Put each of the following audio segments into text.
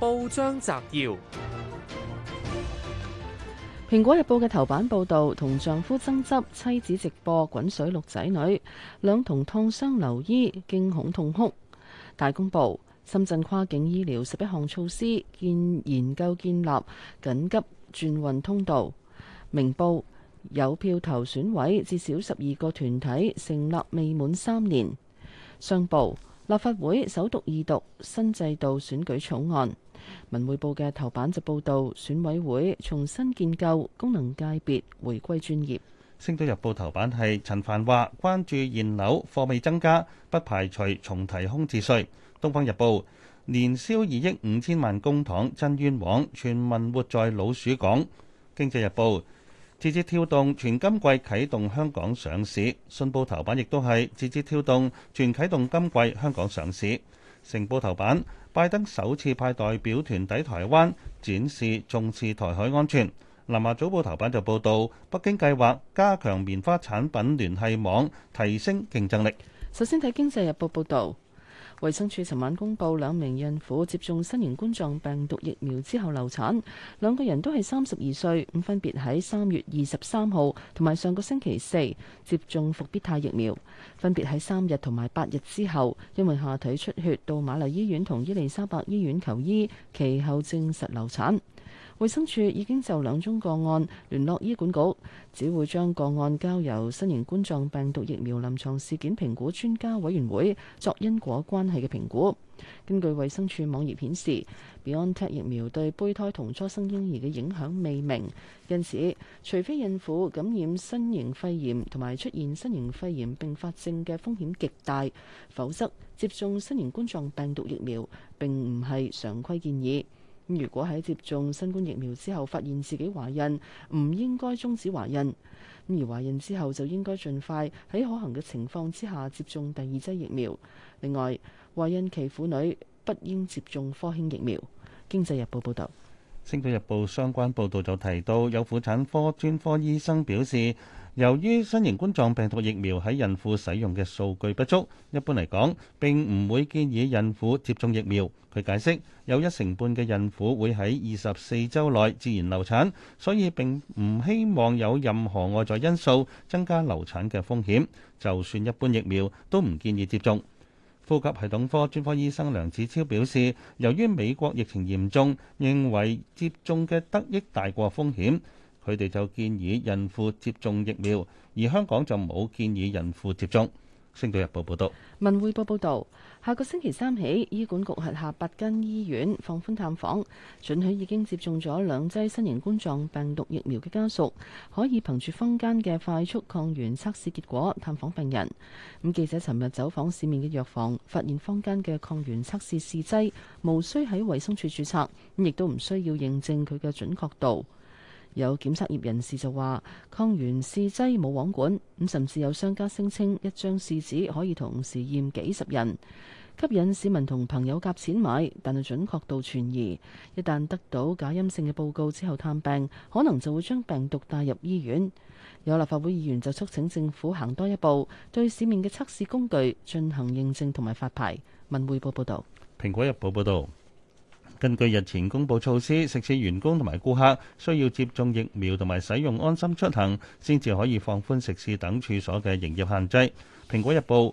報章摘要：蘋果日報嘅頭版報道，同丈夫爭執，妻子直播滾水淥仔女，兩童燙傷留醫，驚恐痛哭。大公報：深圳跨境醫療十一項措施，建研究建立緊急轉運通道。明報：有票投選委至少十二個團體成立，未滿三年。商報。立法會首讀二讀新制度選舉草案，文匯報嘅頭版就報道選委會重新建構功能界別，回歸專業。星島日報頭版係陳帆話關注現樓貨尾增加，不排除重提空置稅。東方日報，年銷二億五千萬公帑真冤枉，全民活在老鼠港。經濟日報。字節跳動全今季啟動香港上市，信報頭版亦都係字節跳動全啟動今季香港上市。成報頭版，拜登首次派代表團抵台灣，展示重視台海安全。南華早報頭版就報導，北京計劃加強棉花產品聯繫網，提升競爭力。首先睇經濟日報報導。衛生署尋晚公布，兩名孕婦接種新型冠狀病毒疫苗之後流產，兩個人都係三十二歲，咁分別喺三月二十三號同埋上個星期四接種復必泰疫苗，分別喺三日同埋八日之後，因為下體出血到瑪麗醫院同伊利沙伯醫院求醫，其後證實流產。衛生署已經就兩宗個案聯絡醫管局，只會將個案交由新型冠狀病毒疫苗臨床事件評估專家委員會作因果關係嘅評估。根據衛生署網頁顯示，BioNTech 疫苗對胚胎同初生嬰兒嘅影響未明，因此除非孕婦感染新型肺炎同埋出現新型肺炎併發症嘅風險極大，否則接種新型冠狀病毒疫苗並唔係常規建議。咁如果喺接種新冠疫苗之後發現自己懷孕，唔應該終止懷孕。咁而懷孕之後就應該盡快喺可行嘅情況之下接種第二劑疫苗。另外，懷孕期婦女不應接種科興疫苗。經濟日報報道。《星島日報》相關報導就提到，有婦產科專科醫生表示，由於新型冠狀病毒疫苗喺孕婦使用嘅數據不足，一般嚟講並唔會建議孕婦接種疫苗。佢解釋，有一成半嘅孕婦會喺二十四周內自然流產，所以並唔希望有任何外在因素增加流產嘅風險，就算一般疫苗都唔建議接種。呼吸系統科專科醫生梁子超表示，由於美國疫情嚴重，認為接種嘅得益大過風險，佢哋就建議孕婦接種疫苗，而香港就冇建議孕婦接種。星島日報報道，文匯報報道，下個星期三起，醫管局轄下八間醫院放寬探訪，准許已經接種咗兩劑新型冠狀病毒疫苗嘅家屬可以憑住坊間嘅快速抗原測試結果探訪病人。咁記者尋日走訪市面嘅藥房，發現坊間嘅抗原測試試劑無需喺衛生署註冊，亦都唔需要認證佢嘅準確度。有檢測業人士就話，抗原試劑冇王管，咁甚至有商家聲稱一張試紙可以同時驗幾十人，吸引市民同朋友夾錢買，但係準確度存疑。一旦得到假陰性嘅報告之後探病，可能就會將病毒帶入醫院。有立法會議員就促請政府行多一步，對市面嘅測試工具進行認證同埋發牌。文匯報報道。蘋果日報報道。根據日前公布措施，食肆員工同埋顧客需要接種疫苗同埋使用安心出行，先至可以放寬食肆等處所嘅營業限制。《蘋果日報》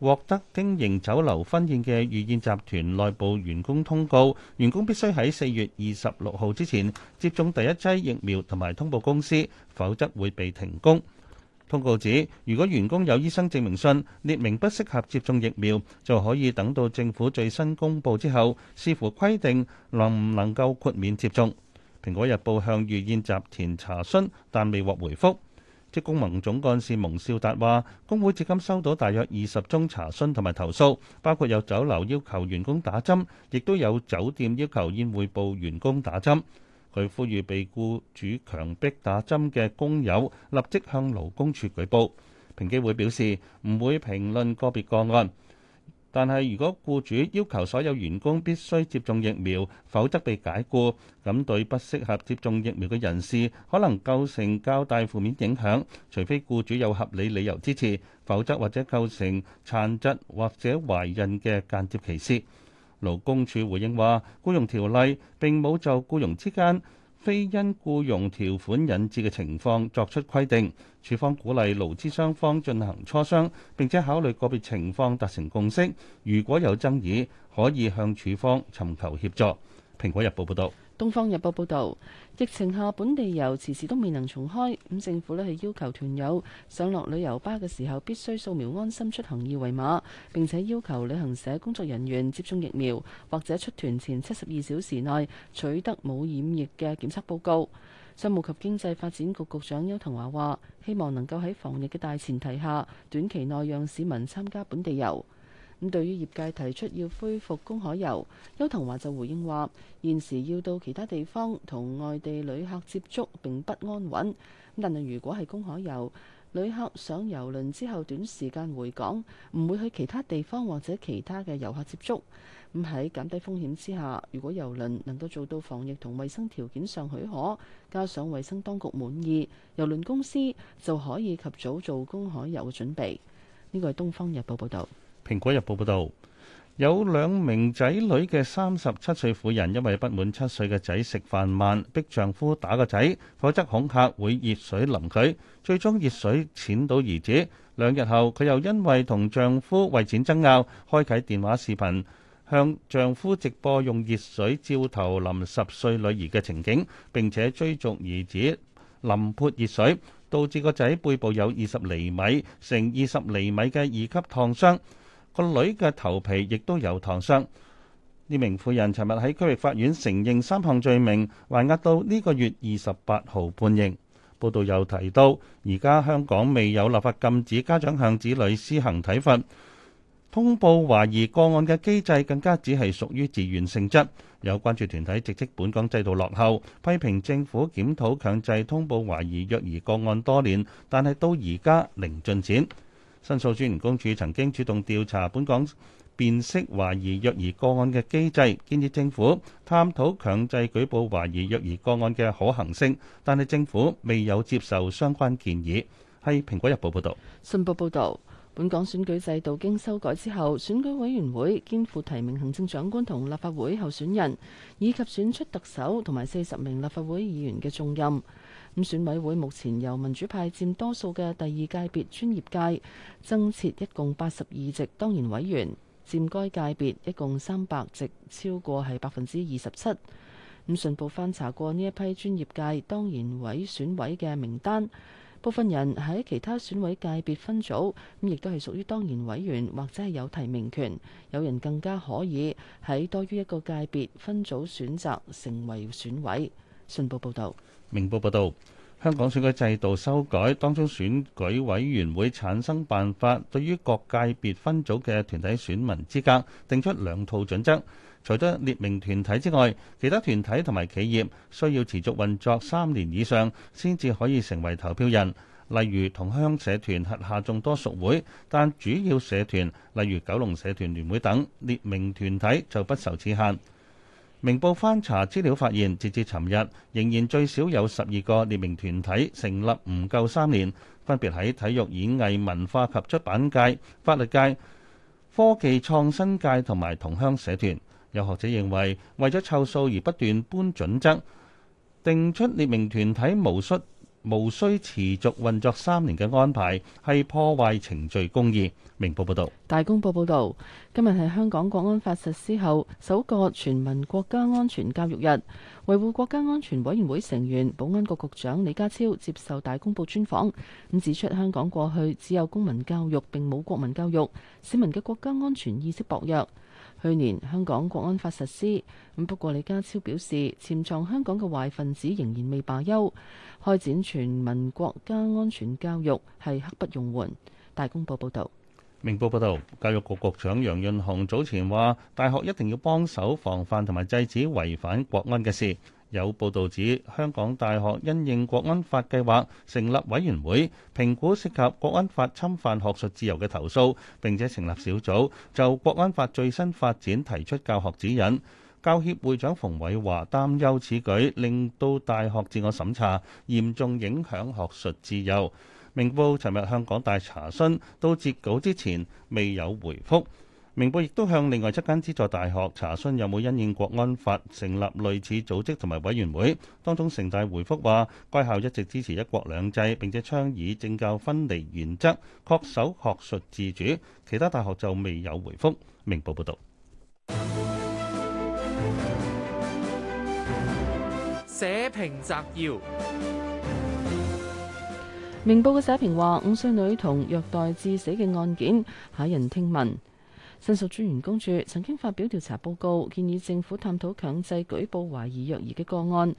獲得經營酒樓婚宴嘅御宴集團內部員工通告，員工必須喺四月二十六號之前接種第一劑疫苗同埋通報公司，否則會被停工。通告指，如果員工有醫生證明信列明不適合接種疫苗，就可以等到政府最新公布之後，視乎規定能唔能夠豁免接種。《蘋果日報》向御宴集團查詢，但未獲回覆。職工盟總幹事蒙兆達話，工會至今收到大約二十宗查詢同埋投訴，包括有酒樓要求員工打針，亦都有酒店要求宴會部員工打針。佢呼籲被僱主強迫打針嘅工友立即向勞工處舉報。平機會表示唔會評論個別個案，但係如果僱主要求所有員工必須接種疫苗，否則被解雇，咁對不適合接種疫苗嘅人士可能構成較大負面影響，除非僱主有合理理由支持，否則或者構成殘疾或者懷孕嘅間接歧視。勞工處回應話，僱傭條例並冇就僱傭之間非因僱傭條款引致嘅情況作出規定。處方鼓勵勞資雙方進行磋商，並且考慮個別情況達成共識。如果有爭議，可以向處方尋求協助。蘋果日報報道。《東方日報》報導，疫情下本地遊遲遲都未能重開，咁政府呢係要求團友上落旅遊巴嘅時候必須掃描安心出行二維碼，並且要求旅行社工作人員接種疫苗或者出團前七十二小時內取得冇染疫嘅檢測報告。商務及經濟發展局局長邱騰華話，希望能夠喺防疫嘅大前提下，短期內讓市民參加本地遊。咁對於業界提出要恢復公海遊，邱騰華就回應話：現時要到其他地方同外地旅客接觸並不安穩。但係如果係公海遊，旅客上郵輪之後短時間回港，唔會去其他地方或者其他嘅遊客接觸。咁喺減低風險之下，如果遊輪能夠做到防疫同衞生條件上許可，加上衞生當局滿意，遊輪公司就可以及早做公海遊嘅準備。呢個係《東方日報》報導。《蘋果日報》報導，有兩名仔女嘅三十七歲婦人，因為不滿七歲嘅仔食飯慢，逼丈夫打個仔，否則恐嚇會熱水淋佢。最終熱水濺到兒子。兩日後，佢又因為同丈夫為錢爭拗，開啟電話視頻，向丈夫直播用熱水照頭淋十歲女兒嘅情景，並且追逐兒子淋潑熱水，導致個仔背部有二十厘米乘二十厘米嘅二級燙傷。個女嘅頭皮亦都有燙傷。呢名婦人尋日喺區域法院承認三項罪名，還押到呢個月二十八號判刑。報道又提到，而家香港未有立法禁止家長向子女施行體罰。通報懷疑個案嘅機制更加只係屬於自願性質。有關注團體直斥本港制度落後，批評政府檢討強制通報懷疑虐兒個案多年，但係到而家零進展。申訴專員公署曾經主動調查本港辨識懷疑虐兒個案嘅機制，建議政府探討強制舉報懷疑虐兒個案嘅可行性，但係政府未有接受相關建議。係《蘋果日報》報道。信報報道，本港選舉制度經修改之後，選舉委員會肩負提名行政長官同立法會候選人，以及選出特首同埋四十名立法會議員嘅重任。咁選委會目前由民主派佔多數嘅第二界別專業界，增設一共八十二席當然委員，佔該界別一共三百席，超過係百分之二十七。咁信報翻查過呢一批專業界當然委選委嘅名單，部分人喺其他選委界別分組，咁亦都係屬於當然委員或者係有提名權。有人更加可以喺多於一個界別分組選擇成為選委。信報報導。明報報道，香港選舉制度修改當中，選舉委員會產生辦法對於各界別分組嘅團體選民資格定出兩套準則。除咗列明團體之外，其他團體同埋企業需要持續運作三年以上先至可以成為投票人。例如同鄉社團轄下眾多屬會，但主要社團，例如九龍社團聯會等列明團體就不受此限。明報翻查資料發現，截至尋日，仍然最少有十二個列明團體成立唔夠三年，分別喺體育演藝、文化及出版界、法律界、科技創新界同埋同鄉社團。有學者認為，為咗湊數而不斷搬準則，定出列明團體無數。無需持續運作三年嘅安排，係破壞程序公義。明報報道。大公報報道，今日係香港國安法實施後首個全民國家安全教育日。維護國家安全委員會成員、保安局局長李家超接受大公報專訪，咁指出，香港過去只有公民教育，並冇國民教育，市民嘅國家安全意識薄弱。去年香港國安法實施，咁不過李家超表示，潛藏香港嘅壞分子仍然未罷休，開展全民國家安全教育係刻不容緩。大公報報導，明報報導，教育局局長楊潤雄早前話，大學一定要幫手防範同埋制止違反國安嘅事。有報道指，香港大學因應國安法計劃成立委員會，評估涉及國安法侵犯學術自由嘅投訴，並且成立小組就國安法最新發展提出教學指引。教協會長馮偉華擔憂此舉令到大學自我審查，嚴重影響學術自由。明報尋日向港大查詢，到截稿之前未有回覆。明報亦都向另外七間資助大學查詢有冇因應國安法成立類似組織同埋委員會。當中城大回覆話，該校一直支持一國兩制，並且倡議政教分離原則，恪守學術自主。其他大學就未有回覆。明報報道。社評摘要：明報嘅社評話，五歲女童虐待致死嘅案件駭人聽聞。信訴專員公署曾經發表調查報告，建議政府探討強制舉報懷疑虐兒嘅個案，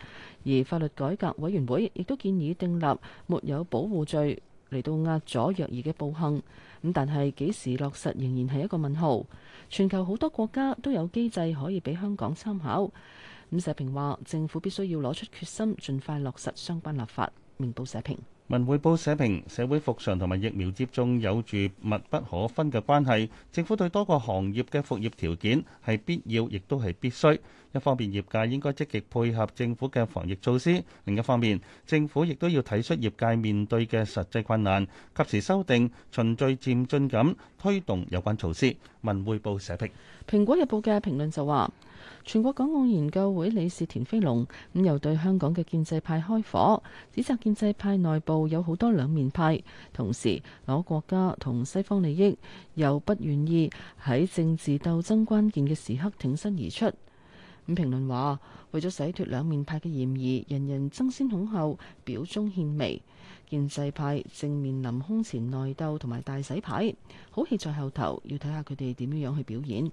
而法律改革委員會亦都建議訂立沒有保護罪嚟到壓阻虐兒嘅暴行。咁但係幾時落實仍然係一個問號。全球好多國家都有機制可以俾香港參考。咁社評話政府必須要攞出決心，盡快落實相關立法。明報社評。文匯報寫明，社會復常同埋疫苗接種有住密不可分嘅關係，政府對多個行業嘅復業條件係必要，亦都係必須。一方面，業界應該積極配合政府嘅防疫措施；另一方面，政府亦都要睇出業界面對嘅實際困難，及時修訂循序漸進咁推動有關措施。文匯報社評，蘋果日報嘅評論就話，全國港澳研究會理事田飛龍，咁又對香港嘅建制派開火，指責建制派內部有好多兩面派，同時攞國家同西方利益，又不願意喺政治鬥爭關鍵嘅時刻挺身而出。咁評論話，為咗洗脫兩面派嘅嫌疑，人人爭先恐後表忠獻媚。建制派正面臨空前內鬥同埋大洗牌，好戲在後頭，要睇下佢哋點樣樣去表演。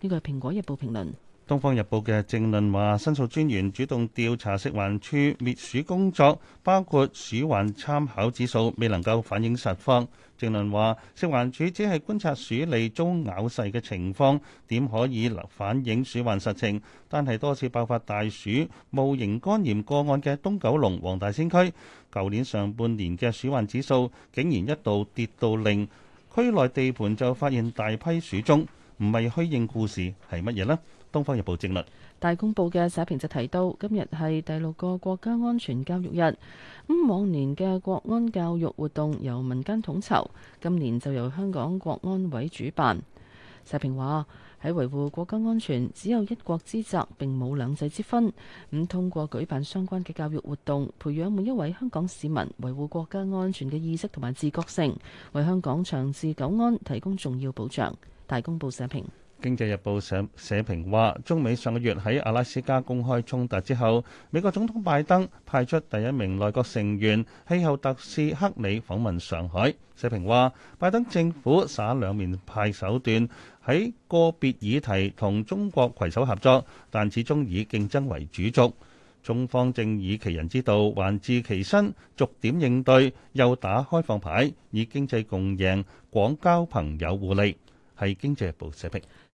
呢個係《蘋果日報》評論。《東方日報》嘅正論話，申訴專員主動調查食環署滅鼠工作，包括鼠患參考指數未能夠反映實況。正論話，食環署只係觀察鼠餌中咬噬嘅情況，點可以反映鼠患實情？但係多次爆發大鼠戊型肝炎個案嘅東九龍黃大仙區，舊年上半年嘅鼠患指數竟然一度跌到零，區內地盤就發現大批鼠蹤，唔係虛應故事係乜嘢呢？《東方日報》正論大公報嘅社評就提到，今日係第六個國家安全教育日。咁往年嘅國安教育活動由民間統籌，今年就由香港國安委主辦。社評話：喺維護國家安全，只有一國之責，並冇兩制之分。咁通過舉辦相關嘅教育活動，培養每一位香港市民維護國家安全嘅意識同埋自覺性，為香港長治久安提供重要保障。大公報社評。經濟日報社社評話：中美上個月喺阿拉斯加公開衝突之後，美國總統拜登派出第一名內閣成員氣候特使克里訪問上海。社評話：拜登政府耍兩面派手段，喺個別議題同中國攜手合作，但始終以競爭為主軸。中方正以其人之道還治其身，逐點應對，又打開放牌，以經濟共贏、廣交朋友互利。係經濟日報社評。